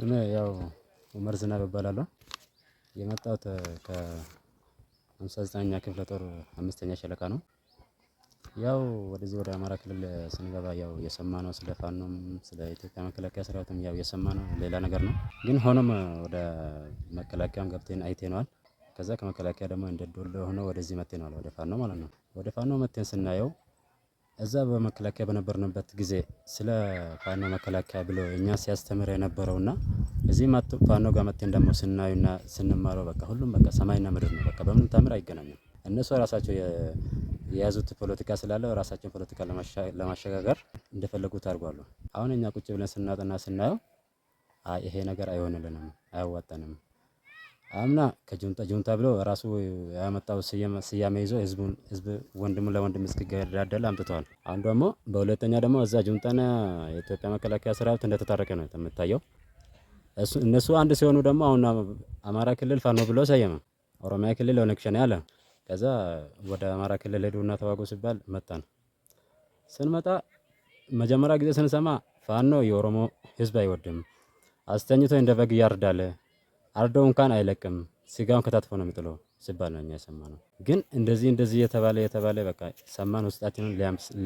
ስሜ ያው ኡመር ዝናብ እባላለሁ። የመጣሁት ከሀምሳ ዘጠነኛ ክፍለ ጦር አምስተኛ ሸለቃ ነው። ያው ወደዚህ ወደ አማራ ክልል ስንገባ ያው የሰማ ነው ስለ ፋኖም ስለ ኢትዮጵያ መከላከያ ሰራዊትም ያው የሰማነው ሌላ ነገር ነው። ግን ሆኖም ወደ መከላከያም ገብተን አይተነዋል። ከዛ ከመከላከያ ደግሞ እንደ ዶሎ ሆኖ ወደዚህ መጥተነዋል፣ ወደ ፋኖ ማለት ነው። ወደ ፋኖ መጥተን ስናየው እዛ በመከላከያ በነበርንበት ጊዜ ስለ ፋኖ መከላከያ ብሎ እኛ ሲያስተምር የነበረውና እዚህ ፋኖ ጋር መጥተን ደግሞ ስናዩና ስንማረው በቃ ሁሉም በቃ ሰማይና ምድር ነው። በቃ በምንም ታምር አይገናኝም። እነሱ ራሳቸው የያዙት ፖለቲካ ስላለ ራሳቸውን ፖለቲካ ለማሸጋገር እንደፈለጉት አድርጓሉ። አሁን እኛ ቁጭ ብለን ስናጥና ስናየው ይሄ ነገር አይሆንልንም፣ አያዋጠንም። አምና ከጁንታ ጁንታ ብሎ ራሱ ያመጣው ስያሜ ይዞ ህዝቡን ህዝብ ወንድሙን ለወንድም እስኪገዳደል አምጥተዋል። አንዱ ደግሞ በሁለተኛ ደግሞ እዛ ጁንታና የኢትዮጵያ መከላከያ ሰራዊት እንደተታረቀ ነው የምታየው። እነሱ አንድ ሲሆኑ ደግሞ አሁን አማራ ክልል ፋኖ ብሎ ሰየመ፣ ኦሮሚያ ክልል ኦነግ ሸኔ አለ። ከዛ ወደ አማራ ክልል ሄዱና ተዋጉ ሲባል መጣን። ስንመጣ መጀመሪያ ጊዜ ስንሰማ ፋኖ የኦሮሞ ህዝብ አይወድም፣ አስተኝቶ እንደ በግ ያርዳል አርዶ እንኳን አይለቅም ስጋውን ከታትፎ ነው የሚጥለው ሲባል ነው እኛ የሰማነው። ግን እንደዚህ እንደዚህ የተባለ የተባለ በቃ ሰማን፣ ውስጣችንን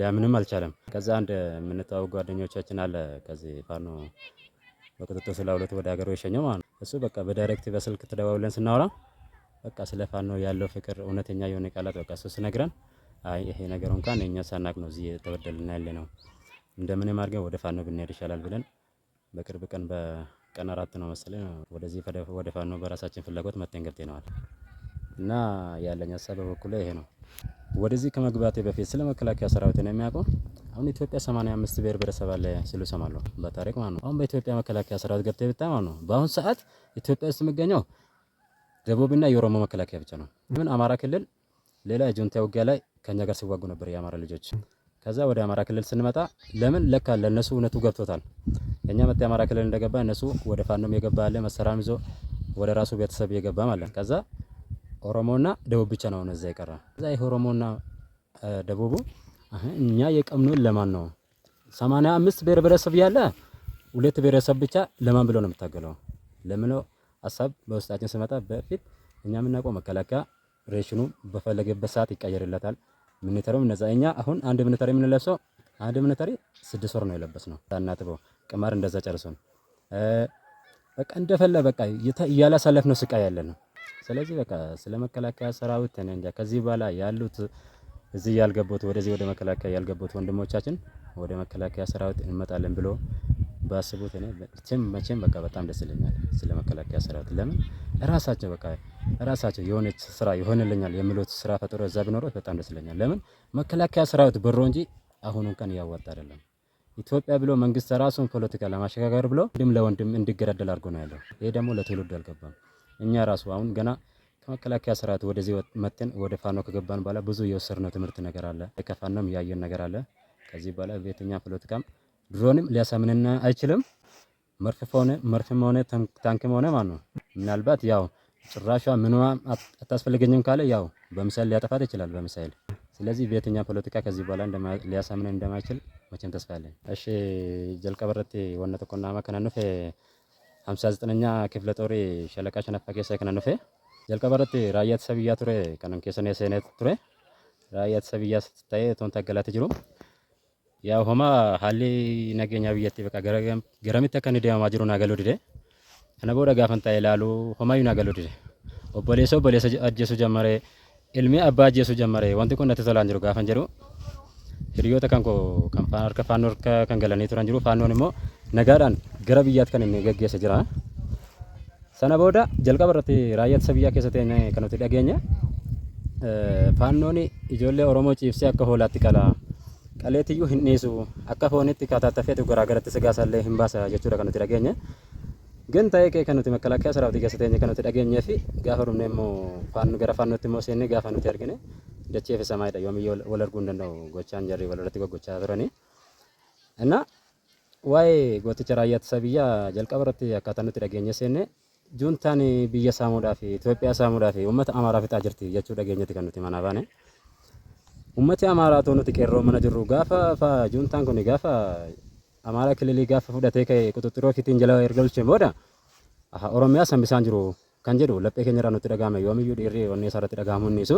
ሊያምንም አልቻለም። ከዛ አንድ የምንተዋወቅ ጓደኞቻችን አለ ከዚህ ፋኖ በቁጥጥር ስለ ሁለት ወደ ሀገሩ የሸኘው ማለት ነው። እሱ በቃ በዳይሬክት በስልክ ተደዋውለን ስናወራ በቃ ስለ ፋኖ ያለው ፍቅር እውነተኛ የሆነ ቃላት በቃ እሱ ስነግረን አይ ይሄ ነገር እንኳን እኛ ሳናቅ ነው እዚህ የተበደልና ያለ ነው እንደምንም አድርገን ወደ ፋኖ ብንሄድ ይሻላል ብለን በቅርብ ቀን በ ቀን አራት ነው መሰለኝ ወደዚህ ወደ ፋኖ በራሳችን ፍላጎት መተን ገብተናል እና ያለኝ ሀሳብ በበኩል ይሄ ነው። ወደዚህ ከመግባቴ በፊት ስለ መከላከያ ሰራዊት ነው የሚያውቀው። አሁን ኢትዮጵያ 85 ብሔር ብሔረሰብ አለ ሲሉ ሰማሉ በታሪክ ማለት ነው። አሁን በኢትዮጵያ መከላከያ ሰራዊት ገብተህ ብታይ ማለት ነው በአሁን ሰዓት ኢትዮጵያ ውስጥ የሚገኘው ደቡብና የኦሮሞ መከላከያ ብቻ ነው። ምን አማራ ክልል ሌላ የጁንታ ውጊያ ላይ ከኛ ጋር ሲዋጉ ነበር የአማራ ልጆች። ከዛ ወደ አማራ ክልል ስንመጣ ለምን ለካ ለነሱ እውነቱ ገብቶታል። እኛ መጤ አማራ ክልል እንደገባ እነሱ ወደ ፋኖም የገባ አለ መሰራም ይዞ ወደ ራሱ ቤተሰብ የገባ ማለት ከዛ ኦሮሞና ደቡብ ብቻ ነው እዛ የቀረ እዛ ይሄ ኦሮሞና ደቡቡ እኛ የቀምነው ለማን ነው? 85 አምስት ብሔር ብሔረሰብ ያለ ሁለት ብሔረሰብ ብቻ ለማን ብሎ ነው የምታገለው? ለምነው ሀሳብ በውስጣችን ስመጣ በፊት እኛ የምናውቀው መከላከያ ሬሽኑ በፈለገበት ሰዓት ይቀየርለታል። ምንተረም እነዛ እኛ አሁን አንድ ምንተር የምንለብሰው አንድ ሚሊተሪ ስድስት ወር ነው የለበስ ነው ታናትበው ቅማር እንደዛ ጨርሶ ነው በቃ እንደፈለ በቃ እያላሳለፍ ነው ስቃይ ያለ ነው። ስለዚህ በቃ ስለ መከላከያ ሰራዊት እኔ እንጃ ከዚህ በኋላ ያሉት እዚህ ያልገቡት ወደዚህ ወደ መከላከያ ያልገቡት ወንድሞቻችን ወደ መከላከያ ሰራዊት እንመጣለን ብሎ ባስቡት እኔ መቼም መቼም በቃ በጣም ደስ ይለኛል ስለ መከላከያ ሰራዊት። ለምን ራሳቸው በቃ ራሳቸው የሆነች ስራ ይሆንልኛል የሚሉት ስራ ፈጥሮ እዛ ቢኖሩት በጣም ደስ ይለኛል። ለምን መከላከያ ሰራዊት ብሮ እንጂ አሁኑን ቀን እያዋጣ አይደለም። ኢትዮጵያ ብሎ መንግስት ራሱን ፖለቲካ ለማሸጋገር ብሎ ወንድም ለወንድም እንዲገዳደል አድርጎ ነው ያለው። ይሄ ደግሞ ለትውልድ አልገባም። እኛ ራሱ አሁን ገና ከመከላከያ ሰራዊት ወደዚህ መጥተን ወደ ፋኖ ከገባን በኋላ ብዙ የወሰድነው ትምህርት ነገር አለ። ከፋኖም ያየን ነገር አለ። ከዚህ በኋላ ቤተኛ ፖለቲካም ድሮንም ሊያሳምንን አይችልም። መርፍም ሆነ መርፍም ሆነ ታንክም ሆነ ማለት ነው። ምናልባት ያው ጭራሿ ምንዋ አታስፈልገኝም ካለ ያው በምሳሌ ሊያጠፋት ይችላል በምሳሌ ስለዚህ በየትኛ ፖለቲካ ከዚህ በኋላ ሊያሳምነን እንደማይችል መቼም ተስፋ ያለን። እሺ ጀልቀበረቴ ወነ ተቆናማ ከናኑፌ ሀምሳ ዘጠነኛ ክፍለ ጦር ሸለቃ ሸነፋ ኬሳ ከናኑፌ ጀልቀበረቴ ራያ ተሰብያ ቱሬ ቀነን ኬሰን የሰነ ቱሬ ራያ ተሰብያ ስትታየ ቶን ተገላት ጅሩ ያው ሆማ ሀሊ ነገኛ ብየቴ በቃ ገረሚ ተከን ከንዲያ ማጅሩ ናገሎ ዲዴ ከነቦዳ ጋፈንታ ይላሉ ሆማዩ ናገሉ ዲዴ ኦቦሌሶ ኦቦሌሶ አጀሱ ጀመረ ilmi abbaa ajjeesuu jammare wanti kun natti tolaan jiru gaafan jedhu hiriyoota kan koo kan harka faannoo harka kan galanii turan jiru faannoon immoo nagaadhaan gara biyyaatti kan inni geggeessa jira. Sana booda jalqaba irratti raayyaa ittisa biyyaa keessatti kan nuti dhageenye faannoon ijoollee Oromoo ciibsee akka hoolaatti qala qaleetiyyuu hin dhiisu akka foonitti kataattafeetu garaagaratti sigaasallee hin baasa jechuudha kan nuti dhageenye. Gan ta'ee kee kan nuti makkalakkaa saraawwatii keessa teenye kan nuti dhageenyee fi gaafa dhumne immoo faannu gara faannootti immoo seennee gaafa nuti argine dachee fi samaayidha yoomiyyuu wal arguu hin danda'u gochaan jarri walirratti goggochaa turanii. Innaa waa'ee gooticha raayyaa ittisa biyyaa jalqaba irratti akkaataa nuti dhageenyee seenne juuntaan biyya saamuudhaaf Itoophiyaa saamuudhaaf uummata Amaaraaf ixaa jirti jechuu dhageenyetti kan nuti manaa baane. Uummati Amaaraa otoo nuti qeerroo mana jirru gaafa juuntaan kun gaafa አማራ ክልል ጋፍ ፍደቴ ከ ቁጥጥሮ ፊትን ጀላ ኤርገልች ቦዳ ኦሮሚያ ሰንብሳን ጅሩ ከን ለጴ ኬኘራ ኑት ደጋመ ዮምዩ ዲሪ ወኔ ሰረት ደጋሙን ሱ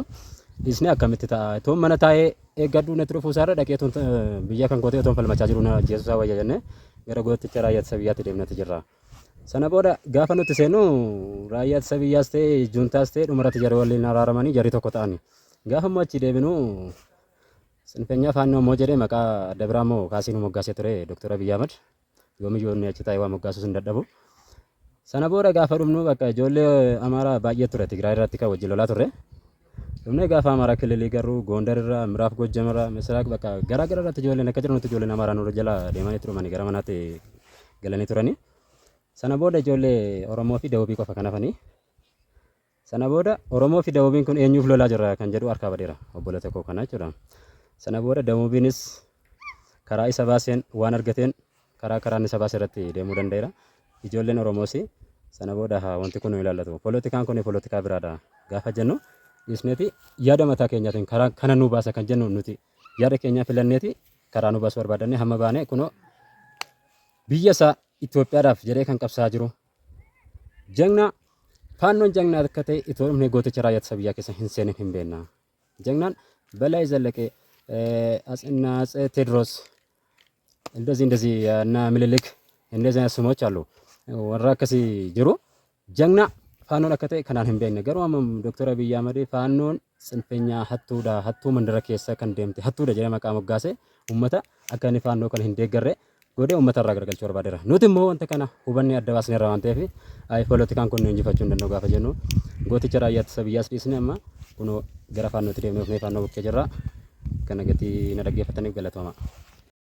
ኢስኒ አከምት ታ ቶ መነታዬ ኤጋዱ ነትሮ ፉሳረ ደቄ ብያ ከን ቶን ፈልመቻ ጅሩ ና ጄሱሳ ወያጀነ ገረ ጎት ቸራ ያተሰብያት ደምነት ጅራ ሰነ ጋፈ ኑት ሴኑ ራያት ሰብያስቴ ጁንታስቴ ዱመራት ጀሩ ራራማኒ ጀሪ ተኮታኒ ጋፈ ማቺ ደብኑ ጽንፈኛ ፋኖ ሞጀሌ መቃ ደብራሞ ካሲኑ ሞጋሴ ቱሬ ዶክተር አብይ አህመድ ዮሚ ጆን ያችታይዋ ሞጋሱስ እንደደቡ ሰነቦረ ጋፈሩም ነው በቃ ጆሌ አማራ ባየ ቱሬ ትግራይ ራቲካ ወጅ ሎላ ቱሬ እምነ ጋፋ አማራ ክልል ይገሩ ጎንደርራ ምዕራፍ ጎጀመራ ምስራቅ በቃ ገራገራ ራት ጆሌ ነከጀር ነው ጆሌ አማራ ነው ጀላ ደማኔ ቱሬ ማኔ ገራማናቴ ገለኔ ቱሬኒ ሰነቦደ ጆሌ ኦሮሞ ፊ ደቡብ ቆፈ ከነፈኒ ሰነቦደ ኦሮሞ ፊ ደቡብን ኩን ኤኙፍ ሎላ ጀራ ከንጀዱ አርካ በዴራ ወቦለተኮ ከናቸራ sana booda damuubiinis karaa isa baaseen waan argateen karaa karaa isa baase irratti deemuu danda'eera. Ijoolleen Oromoos sana booda wanti kun nu ilaallatu. Poolitikaan kun poolitikaa biraadha gaafa jennu dhiisneeti yaada mataa keenyaatiin karaa kana nu baasa kan jennu nuti yaada keenya filanneeti karaa nu baasuu barbaadannee hamma baane kunoo biyya isaa Itoophiyaadhaaf jedhee kan qabsaa jiru jagna ፋኖን ጀግና ከተ ኢትዮጵያ ጎተቸራ የተሰብያ ከሰ ህንሴን ህንቤና ጀግናን በላይ ዘለቀ እና አጼ ቴዎድሮስ እንደዚህ እንደዚህ እና ምኒልክ እንደዚህ አይነት ስሞች አሉ። ወራከሲ ጅሩ ጀግና ፋኖን አከቴ ከናን ህምቤ ነገር አመም ዶክተር አብይ አህመድ ፋኖን ጽንፈኛ ሀቱዳ ሀቱ መንደረ ከሰ ከን ደምቲ ሀቱ ጀለ መቃ መጋሴ ኡመታ አከኒ ፋኖ ከን ህንዴ ገረ ጎዴ ኡመታ ራ ገርገልቹ ወርባ ደራ ኑቲ ሞ አንተ ከና ሁበኒ አደባስ ነራ አንተ ፊ አይ ፖለቲካን ኮን እንጂ ፈቹ እንደነው ጋፈጀ ነው ጎቲ ቸራ ያተሰብ ያስዲስነማ ኩኖ ገራ ፋኖ ትዴም ነው ፋኖ ወከጀራ kanagati nadagya pa tanig galat mama